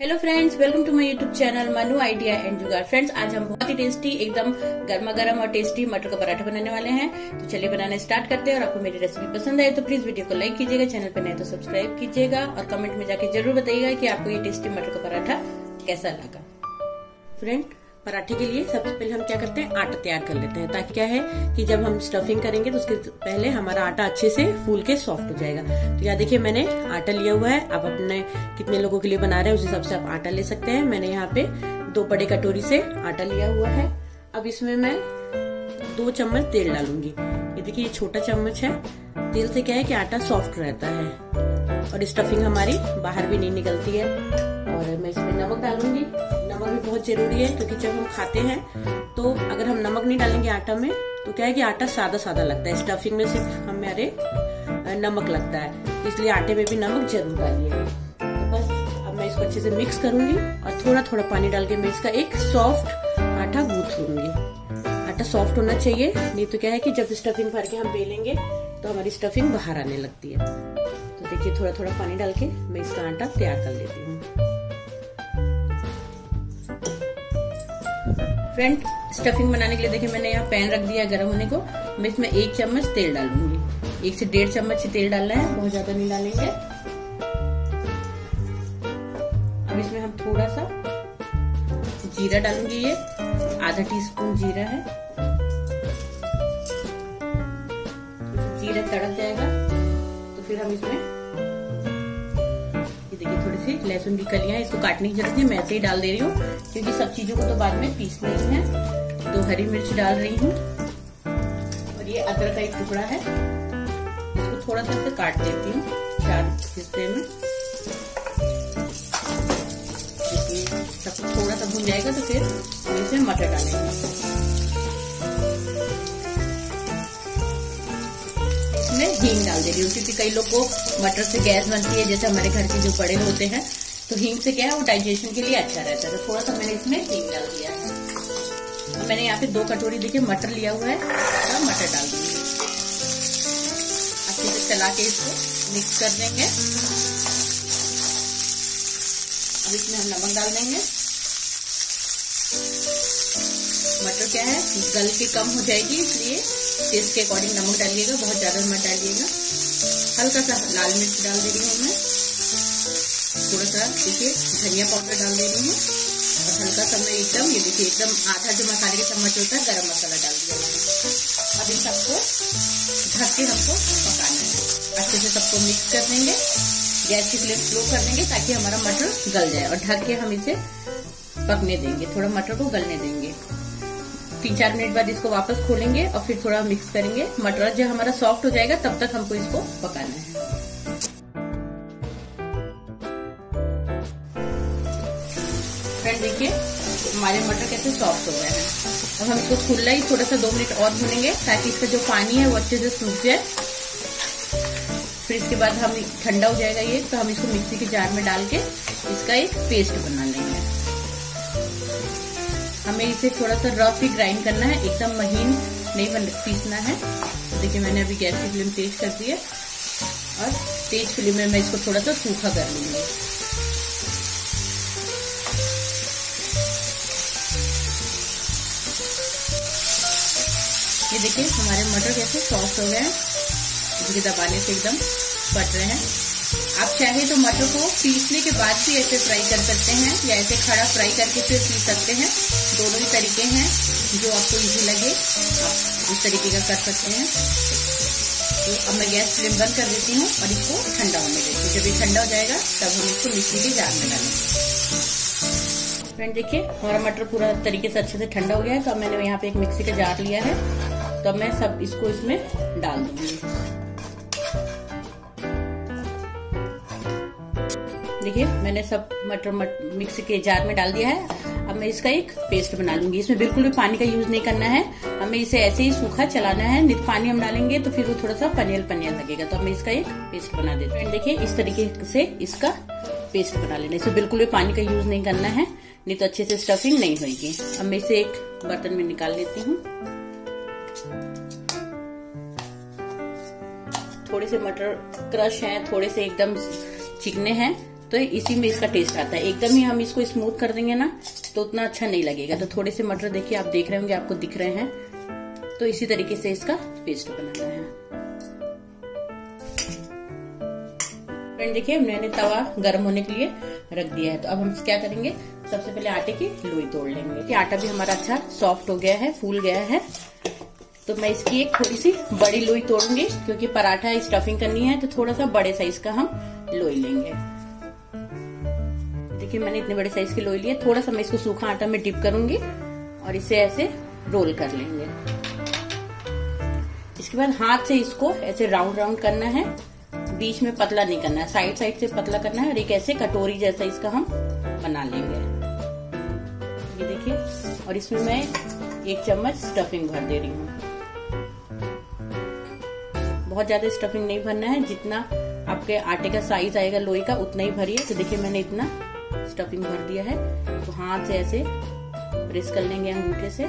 hello friends welcome to my YouTube channel Manu idea and Jugaad friends आज हम बहुत ही टेस्टी एकदम गर्मा गर्म और टेस्टी मटर का पराठा बनाने वाले हैं तो चलिए बनाने स्टार्ट करते हैं और आपको मेरी रेसिपी पसंद आए तो प्लीज वीडियो को लाइक कीजिएगा चैनल पर नए तो सब्सक्राइब कीजिएगा और कमेंट में जाके जरूर बताइएगा की आपको ये टेस्टी मटर का पराठा कैसा लगा फ्रेंड पराठे के लिए सबसे पहले हम क्या करते हैं आटा तैयार कर लेते हैं ताकि क्या है कि जब हम स्टफिंग करेंगे तो उसके पहले हमारा आटा अच्छे से फूल के सॉफ्ट हो जाएगा तो यहाँ देखिए मैंने आटा लिया हुआ है आप अपने कितने लोगों के लिए बना रहे हैं उस हिसाब से आप आटा ले सकते हैं मैंने यहाँ पे दो बड़े कटोरी से आटा लिया हुआ है अब इसमें मैं दो चम्मच तेल डालूंगी ये देखिए ये छोटा चम्मच है तेल से क्या है कि आटा सॉफ्ट रहता है और स्टफिंग हमारी बाहर भी नहीं निकलती है और मैं इसमें नमक डालूंगी नमक भी बहुत ज़रूरी है क्योंकि जब हम खाते हैं तो अगर हम नमक नहीं डालेंगे आटा में तो क्या है कि आटा सादा सादा लगता है स्टफिंग में सिर्फ हमारे नमक लगता है तो इसलिए आटे में भी नमक जरूर डालिए तो बस अब मैं इसको अच्छे से मिक्स करूंगी और थोड़ा थोड़ा पानी डाल के मैं इसका एक सॉफ्ट आटा गूथ लूंगी आटा सॉफ्ट होना चाहिए नहीं तो क्या है कि जब स्टफिंग भर के हम बेलेंगे तो हमारी स्टफिंग बाहर आने लगती है तो देखिए थोड़ा थोड़ा पानी डाल के मैं इसका आटा तैयार कर लेती हूँ फ्रेंड स्टफिंग बनाने के लिए देखिए मैंने यहाँ पैन रख दिया है गर्म होने को मैं इसमें एक चम्मच तेल डालूंगी एक से डेढ़ चम्मच तेल डालना है बहुत ज्यादा नहीं डालेंगे अब इसमें हम थोड़ा सा जीरा डालूंगी ये आधा टीस्पून जीरा है जीरा तड़क जाएगा तो फिर हम इसमें लहसुन की कलियां इसको काटने की जरूरत नहीं मैं ऐसे ही डाल दे रही हूँ क्योंकि सब चीज़ों को तो बाद में पीसना ही है तो हरी मिर्च डाल रही हूँ और ये अदरक का एक टुकड़ा है इसको थोड़ा सा काट देती हूँ चार हिस्से में सब थोड़ा सा भून जाएगा तो फिर इसमें मटर डालेंगे मैं हींग डाल दे रही हूँ क्योंकि कई लोग को मटर से गैस बनती है जैसे हमारे घर के जो बड़े होते हैं तो हींग से क्या है वो डाइजेशन के लिए अच्छा रहता है तो थोड़ा सा मैंने इसमें हींग डाल दिया है अब मैंने यहाँ पे दो कटोरी देखिए मटर लिया हुआ है और मटर डाल दूंगी अच्छे से चला के इसको मिक्स कर देंगे अब इसमें हम नमक डाल देंगे मटर क्या है गल के कम हो जाएगी इसलिए टेस्ट के अकॉर्डिंग नमक डालिएगा बहुत ज़्यादा मत डालिएगा हल्का सा लाल मिर्च डाल दे रही हूँ मैं थोड़ा सा देखिए धनिया पाउडर डाल दे रही हूँ और हल्का सा मैं एकदम ये देखिए एकदम आधा जो मसाले का चम्मच होता है गरम मसाला डाल दिया मैंने अब इन सबको ढक के हमको पकाना है अच्छे से सबको मिक्स कर देंगे गैस की फ्लेम स्लो कर देंगे ताकि हमारा मटर गल जाए और ढक के हम इसे पकने देंगे थोड़ा मटर को गलने देंगे तीन चार मिनट बाद इसको वापस खोलेंगे और फिर थोड़ा मिक्स करेंगे मटर जब हमारा सॉफ्ट हो जाएगा तब तक हमको इसको पकाना है हमारे मटर कैसे सॉफ्ट हो गए हैं अब हम इसको खुला ही थोड़ा सा दो मिनट और भूनेंगे ताकि इसका जो पानी है वो अच्छे से सूख जाए फिर इसके बाद हम ठंडा हो जाएगा ये तो हम इसको मिक्सी के जार में डाल के इसका एक पेस्ट बना लेंगे हमें इसे थोड़ा सा रफ ही ग्राइंड करना है एकदम महीन नहीं बन पीसना है देखिए मैंने अभी गैस की फ्लेम तेज कर दी है और तेज फ्लेम में मैं इसको थोड़ा सा सूखा कर लूंगी ये देखिए हमारे मटर कैसे सॉफ्ट हो गए हैं इसके दबाने से एकदम फट रहे हैं आप चाहे तो मटर को पीसने के बाद भी ऐसे फ्राई कर सकते हैं या ऐसे खड़ा फ्राई करके फिर पीस सकते हैं दोनों ही तरीके हैं जो आपको इजी लगे आप इस तरीके का कर सकते हैं तो अब मैं गैस फ्लेम बंद कर देती हूँ और इसको ठंडा होने देती हूँ जब ये ठंडा हो जाएगा तब हम इसको मिक्सी के जार में डालेंगे फ्रेंड देखिए हमारा मटर पूरा तरीके से अच्छे से ठंडा हो गया है तो अब मैंने यहाँ पे एक मिक्सी का जार लिया है तो मैं सब इसको इसमें डाल दूंगी देखिए मैंने सब मटर मट, मिक्स के जार में डाल दिया है अब मैं इसका एक पेस्ट बना लूंगी इसमें बिल्कुल भी पानी का यूज नहीं करना है हमें इसे ऐसे ही सूखा चलाना है नित पानी हम डालेंगे तो फिर वो थोड़ा सा पनियल पनियल लगेगा तो हमें इसका एक पेस्ट बना देते हैं देखिए इस तरीके से इसका पेस्ट बना लेना इसमें बिल्कुल भी पानी का यूज नहीं करना है नहीं तो अच्छे से स्टफिंग नहीं होगी अब मैं इसे एक बर्तन में निकाल लेती हूँ थोड़े से मटर क्रश हैं थोड़े से एकदम चिकने हैं तो इसी में इसका टेस्ट आता है एकदम ही हम इसको स्मूथ कर देंगे ना तो उतना अच्छा नहीं लगेगा तो थोड़े से मटर देखिए आप देख रहे होंगे आपको दिख रहे हैं तो इसी तरीके से इसका पेस्ट बनाना है हैं देखिए मैंने तवा गर्म होने के लिए रख दिया है तो अब हम क्या करेंगे सबसे पहले आटे की लोई तोड़ लेंगे कि आटा भी हमारा अच्छा सॉफ्ट हो गया है फूल गया है तो मैं इसकी एक थोड़ी सी बड़ी लोई तोड़ूंगी क्योंकि पराठा स्टफिंग करनी है तो थोड़ा सा बड़े साइज का हम लोई लेंगे देखिए मैंने इतने बड़े साइज की लोई ली है थोड़ा सा मैं इसको सूखा आटा में डिप करूंगी और इसे ऐसे रोल कर लेंगे इसके बाद हाथ से इसको ऐसे राउंड राउंड करना है बीच में पतला नहीं करना है साइड साइड से पतला करना है और एक ऐसे कटोरी जैसा इसका हम बना लेंगे ये देखिए और इसमें मैं एक चम्मच स्टफिंग भर दे रही हूँ बहुत ज्यादा स्टफिंग नहीं भरना है जितना आपके आटे का साइज आएगा लोहे का उतना ही भरिए तो देखिए मैंने इतना स्टफिंग भर दिया है तो हाथ से ऐसे प्रेस कर लेंगे अंगूठे से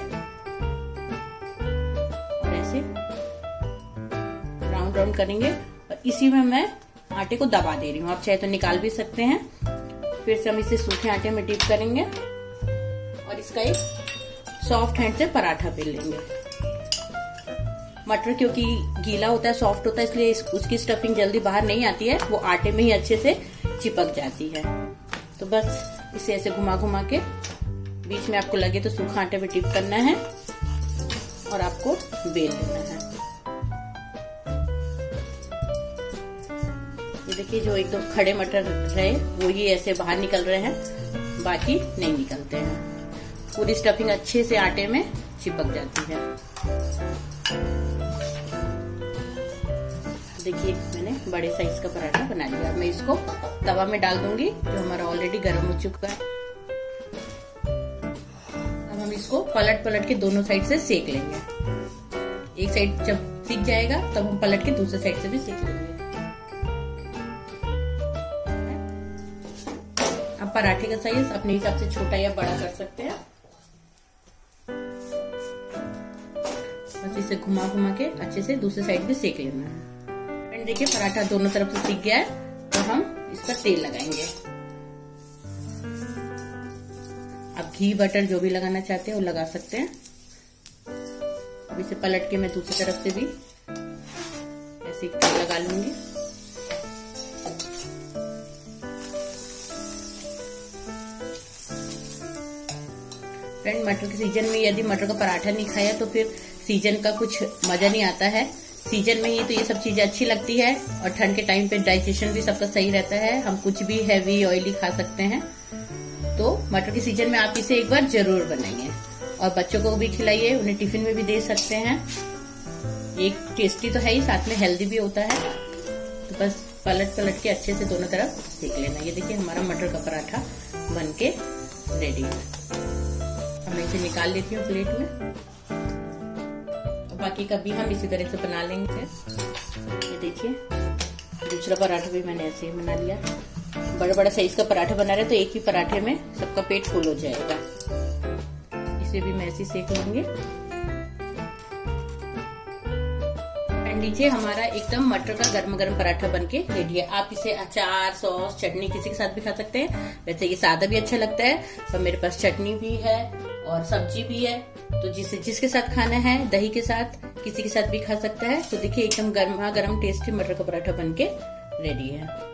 और ऐसे राउंड राउंड करेंगे और इसी में मैं आटे को दबा दे रही हूँ आप चाहे तो निकाल भी सकते हैं फिर से हम इसे सूखे आटे में डिप करेंगे और इसका एक सॉफ्ट हैंड से पराठा बेल लेंगे मटर क्योंकि गीला होता है सॉफ्ट होता है इसलिए उसकी स्टफिंग जल्दी बाहर नहीं आती है वो आटे में ही अच्छे से चिपक जाती है तो बस इसे ऐसे घुमा घुमा के बीच में आपको लगे तो सूखा आटे में टिप करना है और आपको बेल लेना है ये देखिए जो एकदम तो खड़े मटर रहे वो ही ऐसे बाहर निकल रहे हैं बाकी नहीं निकलते हैं पूरी स्टफिंग अच्छे से आटे में चिपक जाती है देखिए मैंने बड़े साइज का पराठा बना लिया मैं इसको तवा में डाल दूंगी जो हमारा ऑलरेडी गर्म हो चुका है अब हम इसको पलट पलट के दोनों साइड से सेक लेंगे एक साइड जब सीख जाएगा तब तो हम पलट के दूसरे साइड से भी सेक लेंगे अब पराठे का साइज अपने हिसाब से छोटा या बड़ा कर सकते हैं बस इसे घुमा घुमा के अच्छे से दूसरे साइड भी सेक लेना है देखिए पराठा दोनों तरफ से सीख गया है तो हम इस पर तेल लगाएंगे आप घी बटर जो भी लगाना चाहते हैं वो लगा सकते हैं अब इसे पलट के मैं दूसरी तरफ से भी ऐसे तेल लगा लूंगी फ्रेंड मटर के सीजन में यदि मटर का पराठा नहीं खाया तो फिर सीजन का कुछ मजा नहीं आता है सीजन में ही तो ये सब चीजें अच्छी लगती है और ठंड के टाइम पे डाइजेशन भी सबका सही रहता है हम कुछ भी हैवी ऑयली खा सकते हैं तो मटर के सीजन में आप इसे एक बार जरूर बनाइए और बच्चों को भी खिलाइए उन्हें टिफिन में भी दे सकते हैं एक टेस्टी तो है ही साथ में हेल्दी भी होता है तो बस पलट पलट के अच्छे से दोनों तरफ सीख लेना ये देखिए हमारा मटर का पराठा बन के रेडी है मैं इसे निकाल लेती हूँ प्लेट में बाकी का भी हम इसी तरह से बना लेंगे ये देखिए दूसरा पराठा भी मैंने ऐसे ही बना लिया बड़ा बड़ा साइज का पराठा बना रहे तो एक ही पराठे में सबका पेट फुल हो जाएगा इसे भी मैं ऐसे सेक लूंगी लीजिए हमारा एकदम मटर का गर्म गर्म पराठा बन के रेडी है आप इसे अचार सॉस चटनी किसी के साथ भी खा सकते हैं वैसे ये सादा भी अच्छा लगता है पर मेरे पास चटनी भी है और सब्जी भी है तो जिसे जिसके साथ खाना है दही के साथ किसी के साथ भी खा सकता है तो देखिए एकदम गर्मा गर्म टेस्टी मटर का पराठा बन के रेडी है